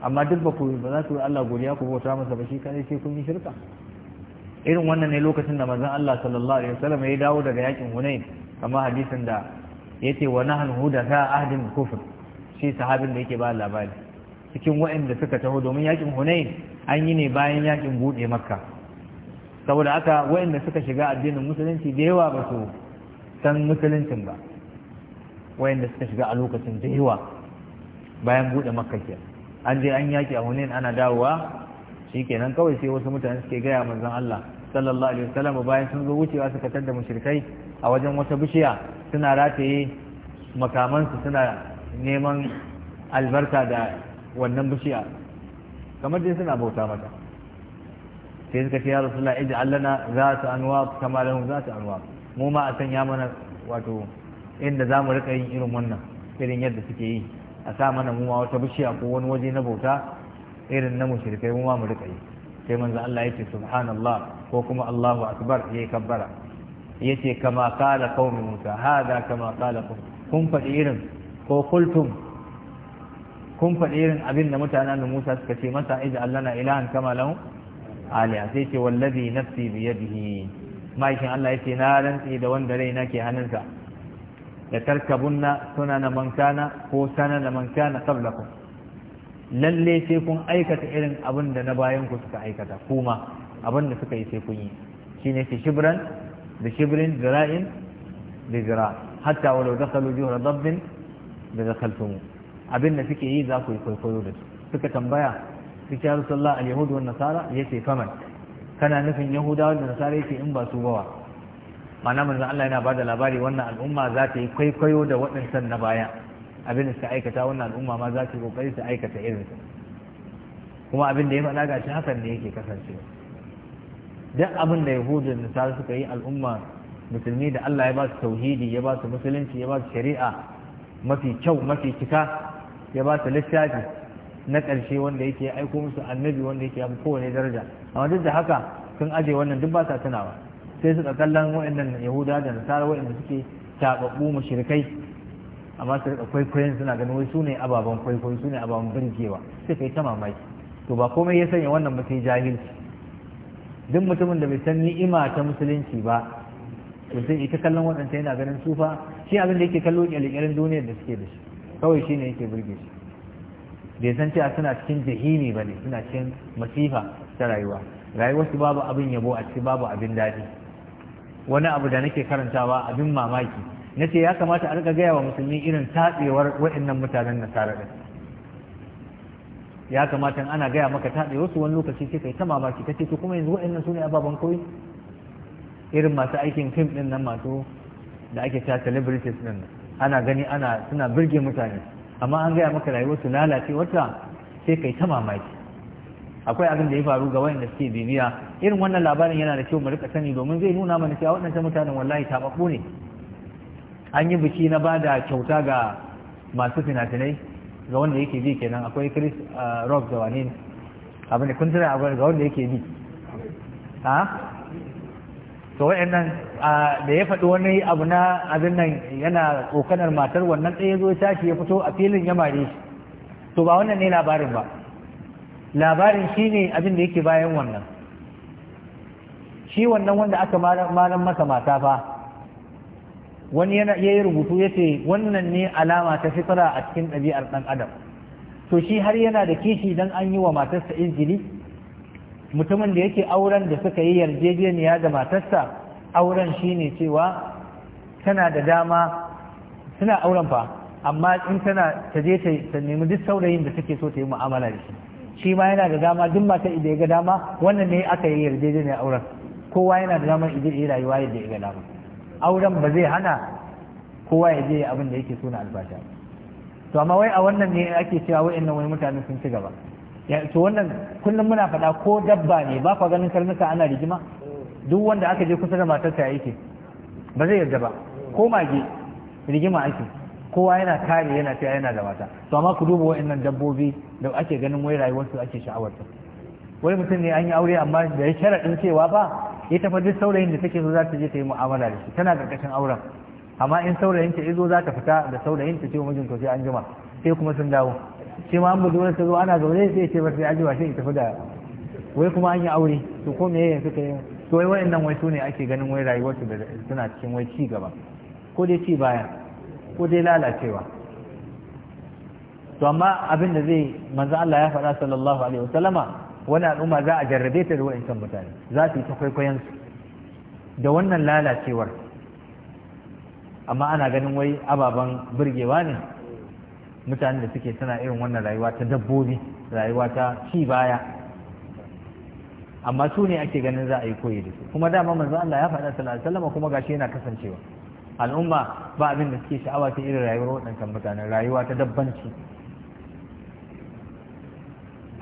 S1: amma duk ba ku ba za ku yi Allah godiya ku bauta masa ba shi kadai sai kun yi shirka irin wannan ne lokacin da manzon Allah sallallahu alaihi wasallam ya dawo daga yakin Hunain kamar hadisin da yace wa nahan ka ahdin kufr shi sahabin da yake ba labari cikin wa'anda suka taho domin yakin Hunain an yi ne bayan yakin bude Makka saboda haka wa'anda suka shiga addinin musulunci da yawa ba su san musuluncin ba wa'anda suka shiga a lokacin da yawa bayan bude Makka kenan an je an yaki a hunin ana dawowa shikenan kawai sai wasu mutane suke gaya manzon Allah sallallahu alaihi wasallam bayan sun zo wucewa suka da mushrikai a wajen wata bishiya suna rataye makamansu suna neman albarka da wannan bishiya kamar dai suna bauta mata sai suka ce ya rasulullah ij'al za zata anwa kamar lahum su anwa mu ma a ya mana wato inda zamu rika yin irin wannan irin yadda suke yi a sa mana muma wata bishiya ko wani waje na bauta irin na mushrikai muma mu rika yi sai manzo Allah yace subhanallah ko kuma Allahu akbar yayi kabbara yace kama qala qaumi Musa hada kama qala kun faɗi irin ko kultum kun faɗi irin abin da mutanen Musa suka ce masa ij'al allana ilahan kama lahu aliya sai ce wallazi nafsi biyadihi ma'aikin Allah yace na rantsi da wanda raina ke hannunsa da tarkabunna sunana man kana ko sanana man kana qablakum lalle sai kun aikata irin abin da na bayanku suka aikata kuma abin da suka yi sai kun yi shine fi shibran da shibrin zira'in da zira hatta walau dakhalu juhra dabbin da dakhaltum abin suke yi za ku yi kwaikwayo da suka tambaya suke ya rasulullah al-yahud wa nasara yace faman kana nufin yahudawa da nasara yace in ba su bawa mana manzo Allah yana bada labari wannan al'umma za ta yi kwaikwayo da waɗansan na baya abin da suka aikata wannan al'umma ma za ta yi kokari su aikata irin su kuma abin da ya faɗa ga shi hakan ne yake kasancewa duk abin da yahudu da nasara suka yi al'umma musulmi da Allah ya ba su tauhidi ya ba su musulunci ya ba su shari'a mafi kyau mafi cika ya ba su littafi na ƙarshe wanda yake aiko musu annabi wanda yake abu kowane daraja amma duk da haka sun aje wannan duk ba sa tunawa sai suka kallon waɗannan yahuda da nasara waɗanda suke taɓaɓɓu mashirikai amma su rika kwaikwayon suna ganin wai su ne ababen kwaikwayo su ne ababen birgewa sai kai ta mamaki to ba komai ya sanya wannan ba sai jahilci duk mutumin da bai san ni'ima ta musulunci ba to sai ita kallon waɗanda yana ganin sufa shi abin da yake kallo kyalkyalin duniyar da suke da shi kawai shi ne yake birge shi bai san cewa suna cikin jahimi ba ne suna cikin masifa ta rayuwa rayuwarsu babu abin yabo a ciki babu abin daɗi wani abu da nake karantawa abin mamaki na ce ya kamata a rika gaya wa musulmi irin taɗewar waɗannan mutanen nasara ɗin ya kamata ana gaya maka taɗe su wani lokaci sai kai ta mamaki kace to kuma yanzu waɗannan su ne ababen koyi irin masu aikin fim ɗin nan masu da ake ta celebrities ɗin ana gani ana suna birge mutane amma an gaya maka rayuwar su lalace wata sai kai ta mamaki akwai abin da ya faru ga wayanda suke bibiya irin wannan labarin yana da kyau mu rika sani domin zai nuna mana cewa waɗannan mutanen wallahi tabaku ne an yi biki na bada kyauta ga masu finafinai ga wanda yake bi kenan akwai Chris uh, Rock da wani abu ne kun tuna ga wanda yake bi ha to wayannan uh, da ya faɗi wani abu na abin nan yana kokanar matar wannan ɗaya zo tashi ya fito a filin ya mare shi to ba wannan ne labarin ba labarin shi ne abin da yake bayan wannan shi wannan wanda aka malam masa mata fa wani yana yi rubutu ya ce wannan ne alama ta fitra a cikin ɗabi'ar ɗan adam to shi har yana da kishi dan an yi wa matarsa izini mutumin da yake auren da suka yi yarjejeniya da matarsa auren shine cewa tana da dama suna auren fa amma in tana ta je ta nemi duk saurayin da take so ta yi mu'amala da shi shi ma yana da dama duk mata idan ya ga dama wannan ne aka yi yarjejeniyar auren kowa yana da dama idan ya rayuwa yadda ya ga dama auren ba zai hana kowa ya je abin da yake so na albasha to amma wai a wannan ne ake cewa wa'annan wani mutane sun ci gaba to wannan kullum muna faɗa ko dabba ne ba fa ganin karnuka ana rigima duk wanda aka je kusa da matarsa yake ba zai yarda ba ko mage rigima ake kowa yana kare yana cewa yana da mata to amma ku duba wa'annan dabbobi da ake ganin wai rayuwarsu ake sha'awarta wai mutum ne an yi aure amma da ya sharaɗin cewa ba ya tafi duk saurayin da take so za ta je ta yi mu'amala da shi tana ƙarƙashin auren amma in saurayin ta izo za ta fita da saurayin ta ce mijin to sai an jima sai kuma sun dawo shi ma an budurwar ta zo ana zaune sai ce ba sai an jima sai tafi da wai kuma an yi aure to ko me yayin suka yi to wai wa'annan wai su ne ake ganin wai rayuwarsu da suna cikin wai ci gaba ko dai ci baya ko dai lalacewa to amma abin da zai manzo Allah ya faɗa sallallahu alaihi wasallama wani al'umma za a jarrabe ta da wa'ancan mutane za su yi ta kwaikwayon su da wannan lalacewar amma ana ganin wai ababen burgewa ne mutanen da suke suna irin wannan rayuwa ta dabbobi rayuwa ta ci baya amma su ne ake ganin za a yi koyi da su kuma dama manzo Allah ya faɗa sallallahu alaihi wasallama kuma gashi yana kasancewa al'umma ba abin da suke sha'awa ta irin rayuwar waɗancan mutanen rayuwa ta dabbanci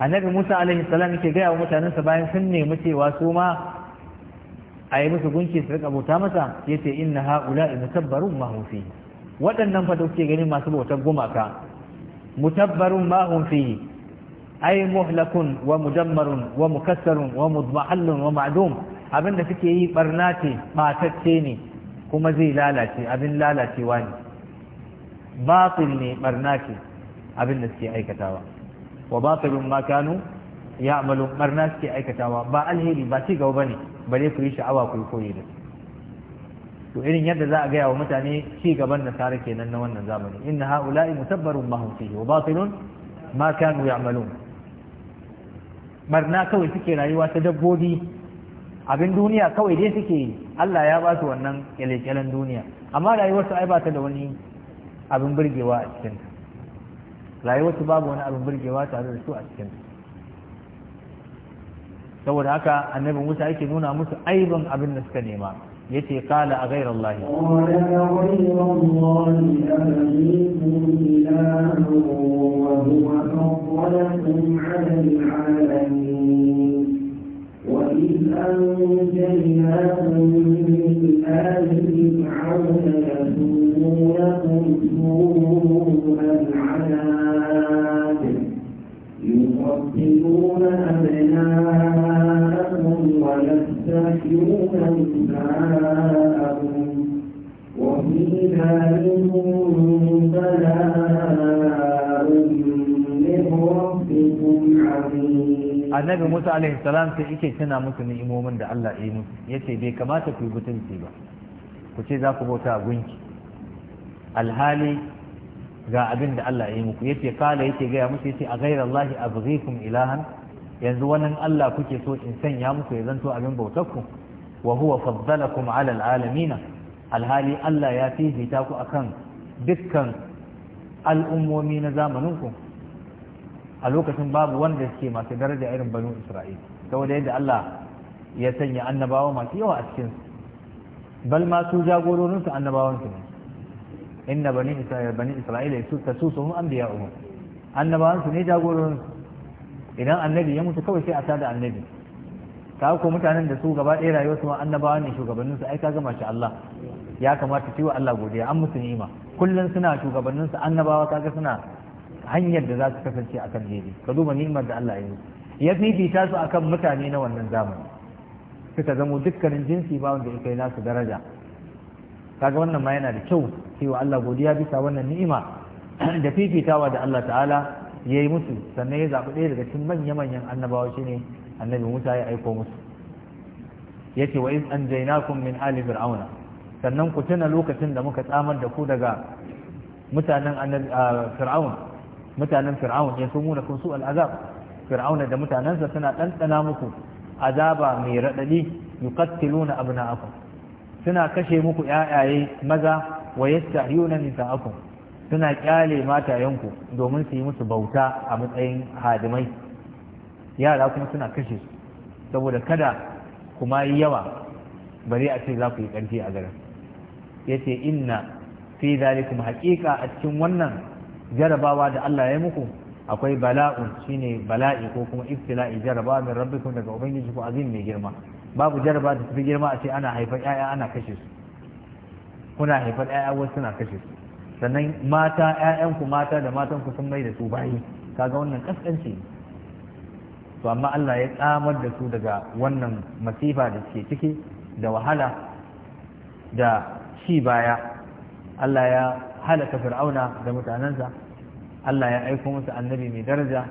S1: annabi musa alaihi salam yake gaya wa mutanensa bayan sun nemi cewa su ma a yi musu gunki su rika bauta masa ya ce inna haula mutabbarun ma waɗannan fa da kuke gani masu bautar gumaka mutabbarun ma ai muhlakun wa mudammarun wa mukassarun wa mudmahallun wa ma'dum abinda suke yi barna ce ne kuma zai lalace abin lalacewa ne batil ne barna ce abin da suke aikatawa wa batilun ma ya amalu barna suke aikatawa ba alheri ba ci gaba bane bare ku yi sha'awa ku yi koyi da to irin yadda za a gaya wa mutane ci gaban nasara kenan na wannan zamani inna haula'i musabbarun ma hum fihi wa batilun ma kanu ya'malun barna kawai suke rayuwa ta dabbobi abin duniya kawai dai suke yi Allah ya ba su wannan kyalekyalen duniya amma rayuwarsu ai ba ta da wani abin burgewa a cikin rayuwarsu babu wani abin burgewa tare da su a cikin saboda haka annabi Musa yake nuna musu aibin abin da suka nema yace qala a ghayra Allah
S2: wa أنجيناكم من آل فرعون يسومونكم سوء العذاب يقتلون أبناءكم ويستحيون نساءهم وفي ذلكم بلاء من ربكم
S1: annabi musa alaihi salam sai yake tana musu ni'imomin da Allah ya yi musu yace bai kamata ku yi butunci ba ku ce za ku bauta a gunki alhali ga abin da Allah ya yi muku yace kala yace gaya musu yace a ghayra Allah abghikum ilahan yanzu wannan Allah kuke so in sanya muku ya zanto abin bautar ku wa huwa faddalakum ala alalamin alhali Allah ya fifita ku akan dukkan al'ummomi na zamanin ku a lokacin babu wanda suke masu daraja irin banu isra'il saboda yadda Allah ya sanya annabawa masu yawa a cikin bal ma su jagororin su annabawan su ne inna bani isra'il bani isra'il su anbiya umu annabawan su ne jagororin idan annabi ya mutu kawai sai a tada annabi ka ko mutanen da su gaba ɗaya rayuwar su ma annabawa ne shugabannin su ai gama shi Allah ya kamata ciwo Allah godiya an musu ni'ima kullun suna shugabannin su annabawa kaga suna hanyar da za su kasance akan daidai ka duba ni'imar da Allah ya yi ya fifita su akan mutane na wannan zamani suka zamo dukkanin jinsi ba wanda ya kai nasu daraja kaga wannan ma yana da kyau cewa Allah godiya bisa wannan ni'ima da fifitawa da Allah ta'ala ya yi musu sannan ya zaɓi ɗaya daga cikin manya-manyan annabawa shine annabi Musa ya aiko musu ya ce wa iz an min ali fir'auna sannan ku tuna lokacin da muka tsamar da ku daga mutanen Fir'auna. mutanen fir'aun ya sumu da kun su al'azab fir'auna da mutanensa suna ɗanɗana muku azaba mai raɗaɗi na abna'akum suna kashe muku ƴaƴaye maza wa yastahyuna nisa'akum suna ƙyale matayenku domin su yi musu bauta a matsayin hadimai yara kuma suna kashe su saboda kada kuma yi yawa bari a ce za ku yi ƙarfi a garin yace inna fi zalikum haƙiƙa a cikin wannan jarabawa da Allah ya muku akwai bala'un shine bala'i ko kuma ibtila'i jaraba min rabbikum daga ubangiji ku azim mai girma babu jaraba da tafi girma a ce ana haifar ƴaƴa ana kashe su kuna haifar ƴaƴa wasu suna kashe su sannan mata ƴaƴanku mata da matan ku sun mai da su bayi kaga wannan kaskanci to amma Allah ya tsamar da su daga wannan masifa da suke ciki da wahala da shi baya Allah ya halaka fir'auna da mutanensa Allah ya aiko musu annabi mai daraja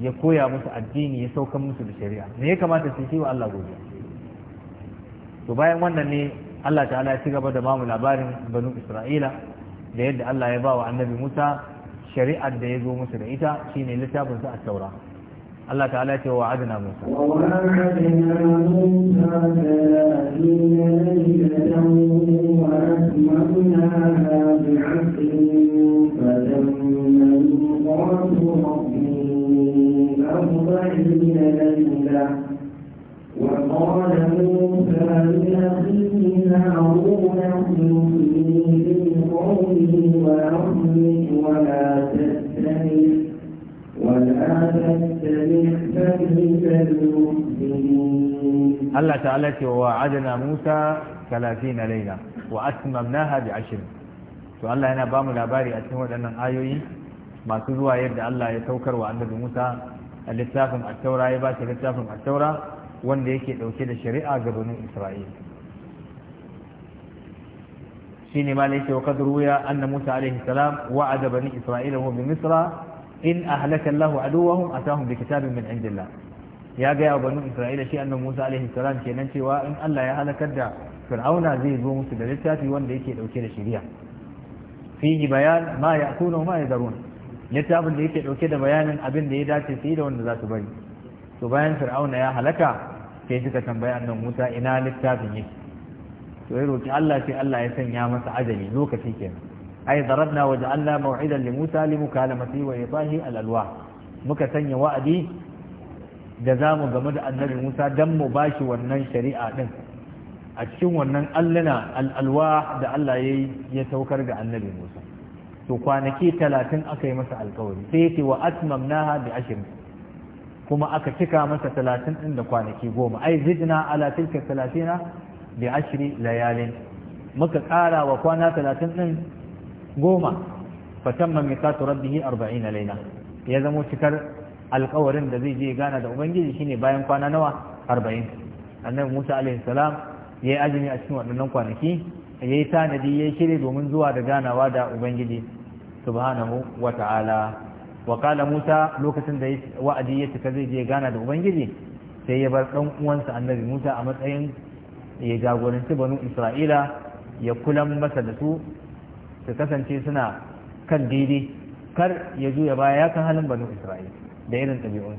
S1: ya koya musu addini ya saukan musu da shari'a me ya kamata su yi wa Allah godiya to bayan wannan ne Allah ta'ala ya ci gaba da bamu labarin banu Isra'ila da yadda Allah ya ba wa annabi Musa shari'ar da ya zo musu da ita shine littafin sa a taurat الله تعالى يقول ووعدنا موسى ووعدنا موسى ثلاثين
S2: ليلة وأتممناها بعشر فتم ميقات ربي أربعين ليلة وقال موسى لأخيه هارون اخلفني في قومي وأخلف ولا تستنف
S1: Allah ta'ala ce wa adana Musa 30 laila wa atmamnaha bi ashrin to Allah yana ba mu labari a cikin waɗannan ayoyi masu zuwa yadda Allah ya saukar wa annabi Musa a littafin at-taura ya ba shi littafin at-taura wanda yake ɗauke da shari'a ga banu Isra'ila shine ma ne yake wa kadruya anna Musa alayhi salam wa'ada bani Isra'ila wa bi Misra in ahlaka Allahu aduwahum atahum bi kitabin min indillah ya ga ya banu Isra'ila shi annabi Musa alaihi salam kenan cewa in Allah ya halakar da Fir'auna zai zo musu da littafi wanda yake dauke da shari'a fihi bayan ma yakunu ma yadarun littafin da yake dauke da bayanin abin da ya dace su yi da wanda za su bari to bayan fir'auna ya halaka sai suka tambaya annan musa ina littafin yake to ya roki Allah sai Allah ya sanya masa ajali lokaci kenan ai zarabna wa ja'alna maw'idan li Musa li mukalamati wa idahi al-alwa muka sanya wa'adi da zamu game da annabi Musa don mu bashi wannan shari'a din a cikin wannan allana al da Allah yayi ya saukar ga annabi Musa to kwanaki talatin aka yi masa alƙawari sai yace wa atmamnaha bi ashirin. kuma aka cika masa talatin ɗin da kwanaki goma. ai zidna ala tilka 30 bi ashri layalin muka ƙara wa kwana talatin ɗin. goma fatamma miqatu rabbih 40 laila ya zamo cikar alƙawarin da zai je gana da ubangiji shine bayan kwana nawa 40 annabi Musa alaihi salam yayi azumi a cikin waɗannan kwanaki yayi tanadi yayi shiri domin zuwa da ganawa da ubangiji subhanahu wa ta'ala wa qala Musa lokacin da wa'adi ya cika zai je gana da ubangiji sai ya bar dan uwansa annabi Musa a matsayin ya jagoranci banu Isra'ila ya kulan masa da su su kasance suna kan daidai kar ya juya baya ya kan halin banu isra'ila da irin ɗabi'un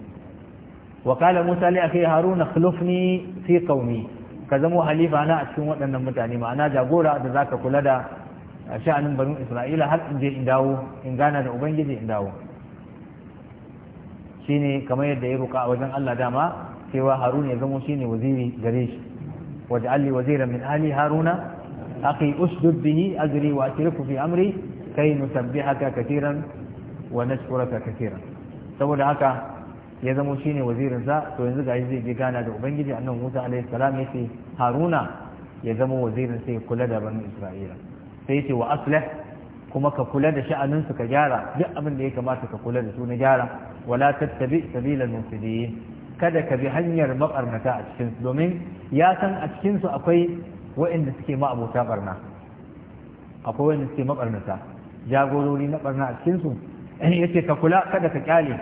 S1: wa kala musa li akai haruna khulufni fi qaumi ka zamo halifa na a cikin waɗannan mutane ma'ana jagora da zaka kula da sha'anin banu isra'ila har in je in dawo in gana da ubangiji in dawo shine kamar yadda ya roƙa wajen Allah dama cewa haruna ya zamo shine waziri gare shi waj'al li waziran min ali haruna أخي أشدد به أجري وأشركه في أمري كي نسبحك كثيرا ونشكرك كثيرا saboda haka ya zamo shine wazirin sa to yanzu ga zai je gana da ubangiji annabi Musa alaihi salam yace Haruna ya zamo wazirin sai kula da banu Isra'ila sai yace wa aslih kuma ka kula da sha'aninsu ka gyara duk abin da ya kamata ka kula da su na gyara wala tattabi sabilal mufsidin kada ka bi hanyar mabarnata a cikin domin ya san a cikinsu akwai wa'inda suke ma abota barna akwai wa'inda suke mabarnata jagorori na barna a cikinsu ya ce ka kula kada ka kyale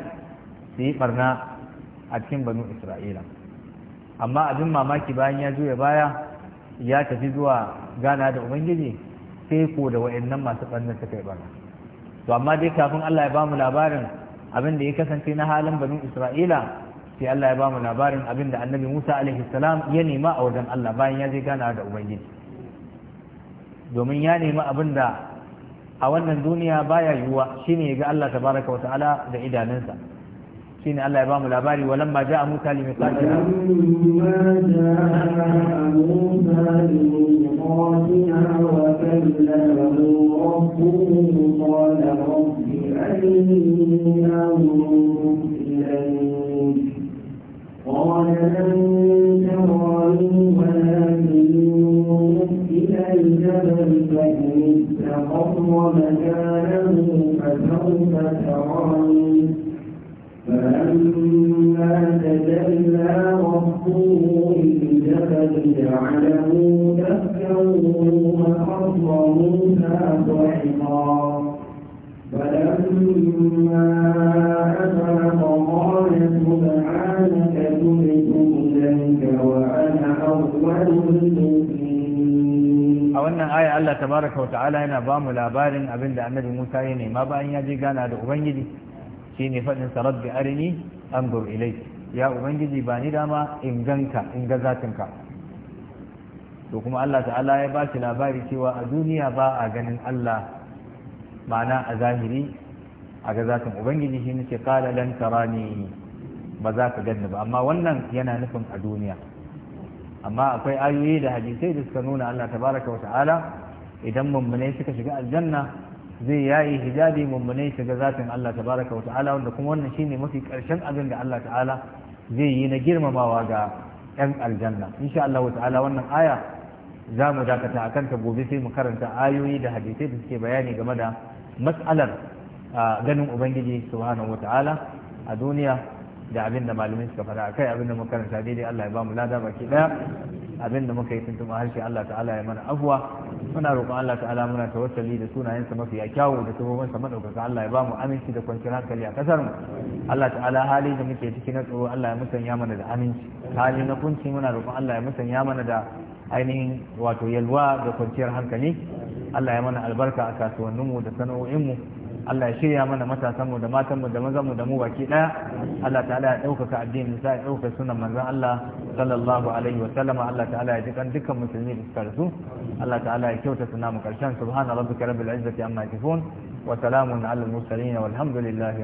S1: su yi barna a cikin banu isra'ila amma abin mamaki bayan ya juya baya ya tafi zuwa gana da ubangiji sai ko da wa'innan masu barna suka yi barna to amma dai kafin allah ya bamu labarin abin da ya kasance na halin banu isra'ila sai Allah ya ba mu labarin abin da annabi Musa alaihi salam ya nema a wajen Allah bayan ya je gana da Ubangiji domin ya nema abin da a wannan duniya baya yiwuwa shine ya ga Allah tabaraka wa ta'ala da idanunsa shine Allah ya ba mu labari walan ma ja'a Musa li miqatina
S2: wa قال لن تراني ولكن إلى الجبل فإن استقر مكانه فسوف تراني فلما تجلى ربه للجبل جعله دكا وخر موسى ضحكا a wannan
S1: aya Allah tabaraka wa ta'ala yana ba mu labarin abin da annabi Musa ya nema bayan ya je gana da Ubangiji shine faɗin sa rabbi arini anzur ilai ya ubangiji ba ni dama in ganka in ga zatinka to kuma Allah ta'ala ya ba shi labari cewa a duniya ba a ganin Allah ma'ana a zahiri a ga zatin ubangiji shi nake kala lan tarani ba za ka ganni ba amma wannan yana nufin a duniya amma akwai ayoyi da hadisai da suka nuna Allah tabaraka wa ta'ala idan mummunai suka shiga aljanna zai yayi hijabi mummunai shiga zafin Allah tabaraka wa ta'ala wanda kuma wannan shine mafi karshen abin da Allah ta'ala zai yi na girmamawa ga yan aljanna insha Allah ta'ala wannan aya za mu dakata akan ta gobe sai mu karanta ayoyi da hadisai da suke bayani game da matsalar ganin ubangiji subhanahu wata'ala a duniya da abin da malamai suka faɗa akai abin da muka karanta daidai Allah ya ba mu lada baki daya abin da muka yi tuntuma harshe Allah ta'ala ya mana afwa muna roƙon Allah ta'ala muna tawassali da sunayensa mafiya kyawu da sabobinsa madaukaka Allah ya bamu aminci da kwanciyar hankali a kasar mu Allah ta'ala hali da muke ciki na tsoro Allah ya musanya mana da aminci hali na kunci muna roƙon Allah ya musanya mana da ainihin wato yalwa da kwanciyar hankali Allah ya mana albarka a kasuwanninmu da sana'o'inmu Allah ya shirya mana matasanmu da matanmu da mazanmu da mu baki ɗaya Allah ta'ala ya ɗaukaka addinin sa ya ɗaukaka sunan manzon Allah sallallahu alaihi wa sallama Allah ta'ala ya jikan dukkan musulmi da suka rasu Allah ta'ala ya kyauta suna mu karshen subhana rabbika rabbil izzati amma yasifun wa salamun alal mursalin walhamdulillahi